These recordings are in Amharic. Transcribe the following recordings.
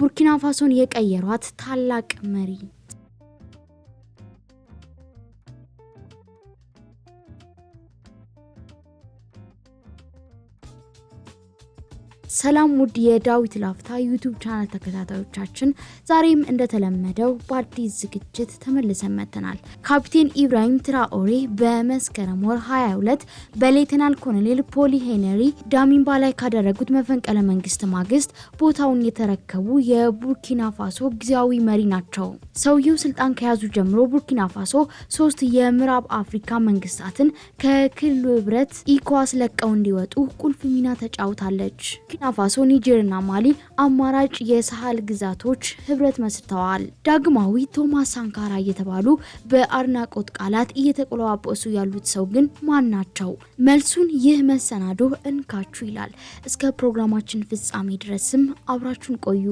ቡርኪና ፋሶን የቀየሯት ታላቅ መሪ ሰላም ውድ የዳዊት ላፍታ ዩቱብ ቻናል ተከታታዮቻችን፣ ዛሬም እንደተለመደው በአዲስ ዝግጅት ተመልሰን መጥተናል። ካፕቴን ኢብራሂም ትራኦሬ በመስከረም ወር 22 በሌተናል ኮሎኔል ፖሊ ሄነሪ ዳሚንባ ላይ ካደረጉት መፈንቀለ መንግስት ማግስት ቦታውን የተረከቡ የቡርኪና ፋሶ ጊዜያዊ መሪ ናቸው። ሰውየው ስልጣን ከያዙ ጀምሮ ቡርኪና ፋሶ ሶስት የምዕራብ አፍሪካ መንግስታትን ከክልሉ ህብረት ኢኳስ ለቀው እንዲወጡ ቁልፍ ሚና ተጫውታለች። ቡርኪና ፋሶ፣ ኒጀርና ማሊ አማራጭ የሳህል ግዛቶች ህብረት መስርተዋል። ዳግማዊ ቶማስ ሳንካራ እየተባሉ በአድናቆት ቃላት እየተቆለዋበሱ ያሉት ሰው ግን ማን ናቸው? መልሱን ይህ መሰናዶ እንካችሁ ይላል። እስከ ፕሮግራማችን ፍጻሜ ድረስም አብራችሁን ቆዩ።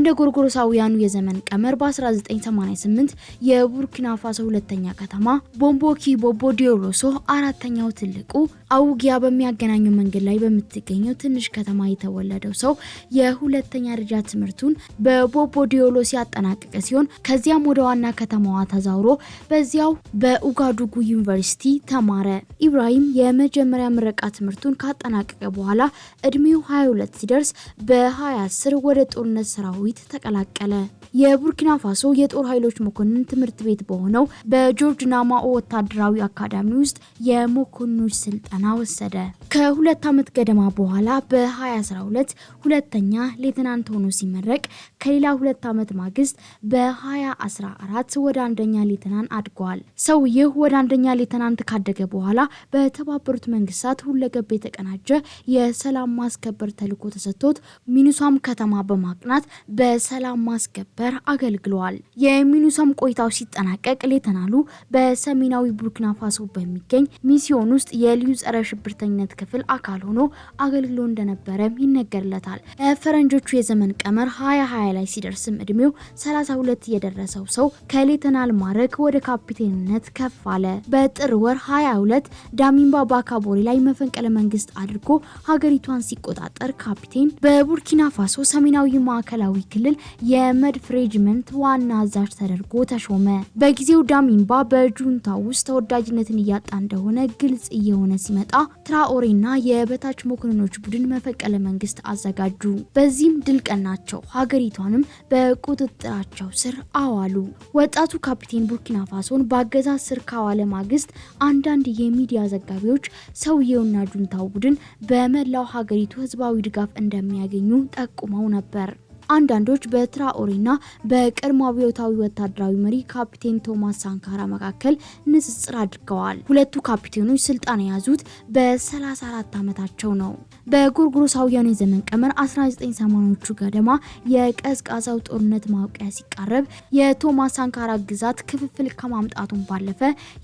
እንደ ጎርጎሮሳውያኑ የዘመን ቀመር በ1988 የቡርኪና ፋሶ ሁለተኛ ከተማ ቦምቦኪ ቦቦ ዲዮሎሶ አራተኛው ትልቁ አውጊያ በሚያገናኘው መንገድ ላይ በምትገኘው ትንሽ ከተማ የተወለደው ሰው የሁለተኛ ደረጃ ትምህርቱን በቦቦ ዲዮሎሶ ያጠናቀቀ ሲሆን ከዚያም ወደ ዋና ከተማዋ ተዛውሮ በዚያው በኡጋዱጉ ዩኒቨርሲቲ ተማረ። ኢብራሂም የመጀመሪያ ምረቃ ትምህርቱን ካጠናቀቀ በኋላ እድሜው 22 ሲደርስ በ2010 ወደ ጦርነት ስራ ሰራዊት ተቀላቀለ። የቡርኪና ፋሶ የጦር ኃይሎች መኮንን ትምህርት ቤት በሆነው በጆርጅ ናማኦ ወታደራዊ አካዳሚ ውስጥ የመኮንኖች ስልጠና ወሰደ። ከሁለት ዓመት ገደማ በኋላ በ2012 ሁለተኛ ሌትናንት ሆኖ ሲመረቅ ከሌላ ሁለት ዓመት ማግስት በ2014 ወደ አንደኛ ሌትናንት አድጓል። ሰውየው ወደ አንደኛ ሌትናንት ካደገ በኋላ በተባበሩት መንግስታት ሁለገብ የተቀናጀ የሰላም ማስከበር ተልዕኮ ተሰጥቶት ሚኒሷም ከተማ በማቅናት በ በሰላም ማስከበር አገልግሏል። የሚኑሰም ቆይታው ሲጠናቀቅ ሌተናሉ በሰሜናዊ ቡርኪና ፋሶ በሚገኝ ሚሲዮን ውስጥ የልዩ ጸረ ሽብርተኝነት ክፍል አካል ሆኖ አገልግሎ እንደነበረም ይነገርለታል። ፈረንጆቹ የዘመን ቀመር 2020 ላይ ሲደርስም እድሜው 32 የደረሰው ሰው ከሌተናል ማዕረግ ወደ ካፒቴንነት ከፍ አለ። በጥር ወር 22 ዳሚምባ ባካቦሬ ላይ መፈንቀለ መንግስት አድርጎ ሀገሪቷን ሲቆጣጠር ካፒቴን በቡርኪና ፋሶ ሰሜናዊ ማዕከላዊ ክልል የመድፍ ሬጅመንት ዋና አዛዥ ተደርጎ ተሾመ። በጊዜው ዳሚምባ በጁንታ ውስጥ ተወዳጅነትን እያጣ እንደሆነ ግልጽ እየሆነ ሲመጣ ትራኦሬና የበታች መኮንኖች ቡድን መፈንቅለ መንግስት አዘጋጁ። በዚህም ድል ቀናቸው፣ ሀገሪቷንም በቁጥጥራቸው ስር አዋሉ። ወጣቱ ካፒቴን ቡርኪና ፋሶን በአገዛዝ ስር ካዋለ ማግስት አንዳንድ የሚዲያ ዘጋቢዎች ሰውየውና ጁንታው ቡድን በመላው ሀገሪቱ ህዝባዊ ድጋፍ እንደሚያገኙ ጠቁመው ነበር። አንዳንዶች በትራኦሬና በቀድሞአብዮታዊ ወታደራዊ መሪ ካፒቴን ቶማስ ሳንካራ መካከል ንጽጽር አድርገዋል። ሁለቱ ካፒቴኖች ስልጣን የያዙት በ34 ዓመታቸው ነው። በጎርጎሮሳውያኑ የዘመን ቀመር 1980ዎቹ ገደማ የቀዝቃዛው ጦርነት ማውቂያ ሲቃረብ የቶማስ ሳንካራ ግዛት ክፍፍል ከማምጣቱን ባለፈ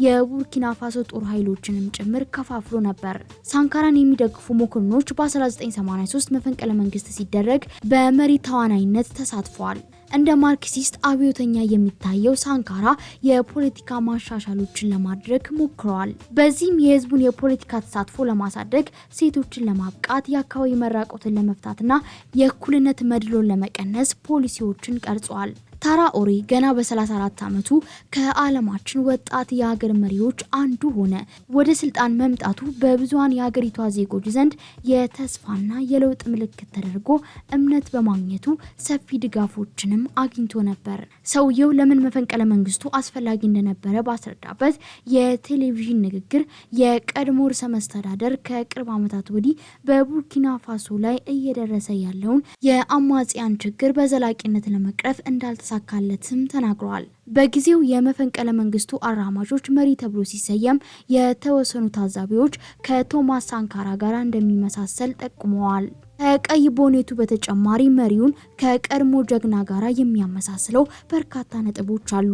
የቡርኪና ፋሶ ጦር ኃይሎችንም ጭምር ከፋፍሎ ነበር። ሳንካራን የሚደግፉ መኮንኖች በ1983 መፈንቅለ መንግስት ሲደረግ በመሪ ተዋና ተዋናይነት ተሳትፏል። እንደ ማርክሲስት አብዮተኛ የሚታየው ሳንካራ የፖለቲካ ማሻሻሎችን ለማድረግ ሞክረዋል። በዚህም የህዝቡን የፖለቲካ ተሳትፎ ለማሳደግ፣ ሴቶችን ለማብቃት፣ የአካባቢ መራቆትን ለመፍታትና የእኩልነት መድሎን ለመቀነስ ፖሊሲዎችን ቀርጿል። ታራ ኦሪ ገና በ34 ዓመቱ ከዓለማችን ወጣት የሀገር መሪዎች አንዱ ሆነ። ወደ ስልጣን መምጣቱ በብዙሀን የሀገሪቷ ዜጎች ዘንድ የተስፋና የለውጥ ምልክት ተደርጎ እምነት በማግኘቱ ሰፊ ድጋፎችንም አግኝቶ ነበር። ሰውየው ለምን መፈንቅለ መንግስቱ አስፈላጊ እንደነበረ ባስረዳበት የቴሌቪዥን ንግግር የቀድሞ ርዕሰ መስተዳደር ከቅርብ ዓመታት ወዲህ በቡርኪና ፋሶ ላይ እየደረሰ ያለውን የአማጽያን ችግር በዘላቂነት ለመቅረፍ እንዳልተ እንዳልተሳካለትም ተናግረዋል። በጊዜው የመፈንቀለ መንግስቱ አራማጆች መሪ ተብሎ ሲሰየም የተወሰኑ ታዛቢዎች ከቶማስ ሳንካራ ጋር እንደሚመሳሰል ጠቁመዋል። ከቀይ ቦኔቱ በተጨማሪ መሪውን ከቀድሞ ጀግና ጋር የሚያመሳስለው በርካታ ነጥቦች አሉ።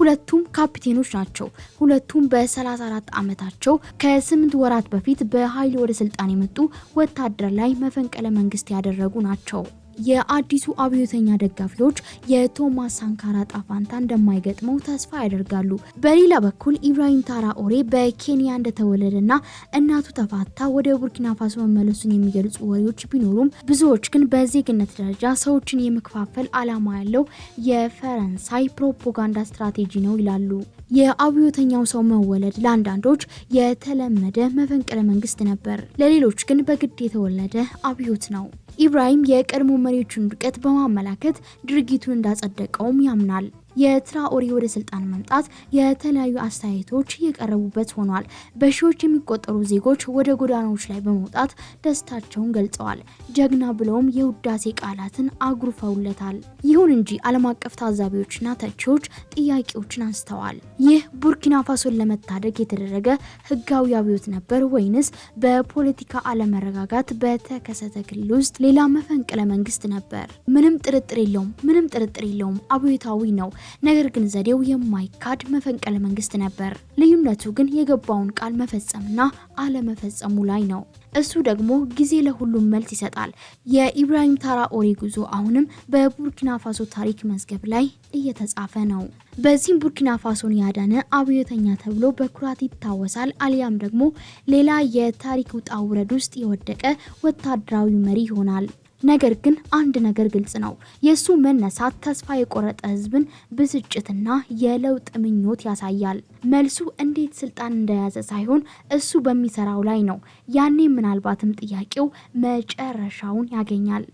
ሁለቱም ካፒቴኖች ናቸው። ሁለቱም በ34 ዓመታቸው ከስምንት ወራት በፊት በኃይል ወደ ስልጣን የመጡ ወታደር ላይ መፈንቀለ መንግስት ያደረጉ ናቸው። የአዲሱ አብዮተኛ ደጋፊዎች የቶማስ ሳንካራ ጣፋንታ እንደማይገጥመው ተስፋ ያደርጋሉ። በሌላ በኩል ኢብራሂም ታራኦሬ በኬንያ እንደተወለደና እናቱ ተፋታ ወደ ቡርኪና ፋሶ መመለሱን የሚገልጹ ወሬዎች ቢኖሩም ብዙዎች ግን በዜግነት ደረጃ ሰዎችን የመከፋፈል ዓላማ ያለው የፈረንሳይ ፕሮፓጋንዳ ስትራቴጂ ነው ይላሉ። የአብዮተኛው ሰው መወለድ ለአንዳንዶች የተለመደ መፈንቅለ መንግስት ነበር፣ ለሌሎች ግን በግድ የተወለደ አብዮት ነው። ኢብራሂም የቀድሞ መሪዎችን ውድቀት በማመላከት ድርጊቱን እንዳጸደቀውም ያምናል። የትራኦሬ ወደ ስልጣን መምጣት የተለያዩ አስተያየቶች የቀረቡበት ሆኗል። በሺዎች የሚቆጠሩ ዜጎች ወደ ጎዳናዎች ላይ በመውጣት ደስታቸውን ገልጸዋል። ጀግና ብለውም የውዳሴ ቃላትን አጉርፈውለታል። ይሁን እንጂ ዓለም አቀፍ ታዛቢዎችና ተቺዎች ጥያቄዎችን አንስተዋል። ይህ ቡርኪና ፋሶን ለመታደግ የተደረገ ህጋዊ አብዮት ነበር ወይንስ በፖለቲካ አለመረጋጋት በተከሰተ ክልል ውስጥ ሌላ መፈንቅለ መንግስት ነበር? ምንም ጥርጥር የለውም፣ ምንም ጥርጥር የለውም አብዮታዊ ነው። ነገር ግን ዘዴው የማይካድ መፈንቅለ መንግስት ነበር። ልዩነቱ ግን የገባውን ቃል መፈጸምና አለመፈጸሙ ላይ ነው። እሱ ደግሞ ጊዜ ለሁሉም መልስ ይሰጣል። የኢብራሂም ትራኦሬ ጉዞ አሁንም በቡርኪና ፋሶ ታሪክ መዝገብ ላይ እየተጻፈ ነው። በዚህም ቡርኪና ፋሶን ያዳነ አብዮተኛ ተብሎ በኩራት ይታወሳል፣ አሊያም ደግሞ ሌላ የታሪክ ውጣ ውረድ ውስጥ የወደቀ ወታደራዊ መሪ ይሆናል። ነገር ግን አንድ ነገር ግልጽ ነው። የእሱ መነሳት ተስፋ የቆረጠ ህዝብን ብስጭትና የለውጥ ምኞት ያሳያል። መልሱ እንዴት ስልጣን እንደያዘ ሳይሆን እሱ በሚሰራው ላይ ነው። ያኔ ምናልባትም ጥያቄው መጨረሻውን ያገኛል።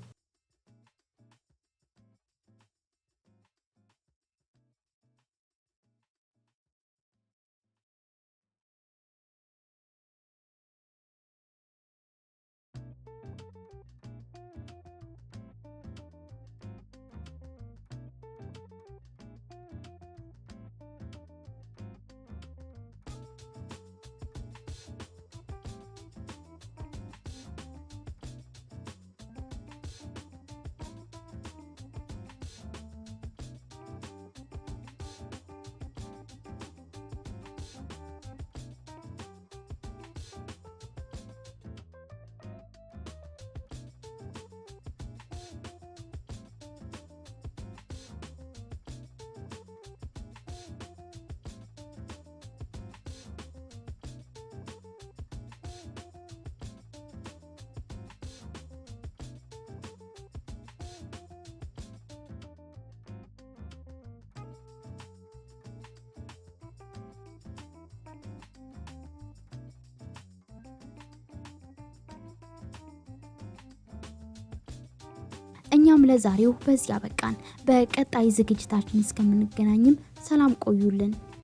እኛም ለዛሬው በዚህ ያበቃን። በቀጣይ ዝግጅታችን እስከምንገናኝም ሰላም ቆዩልን።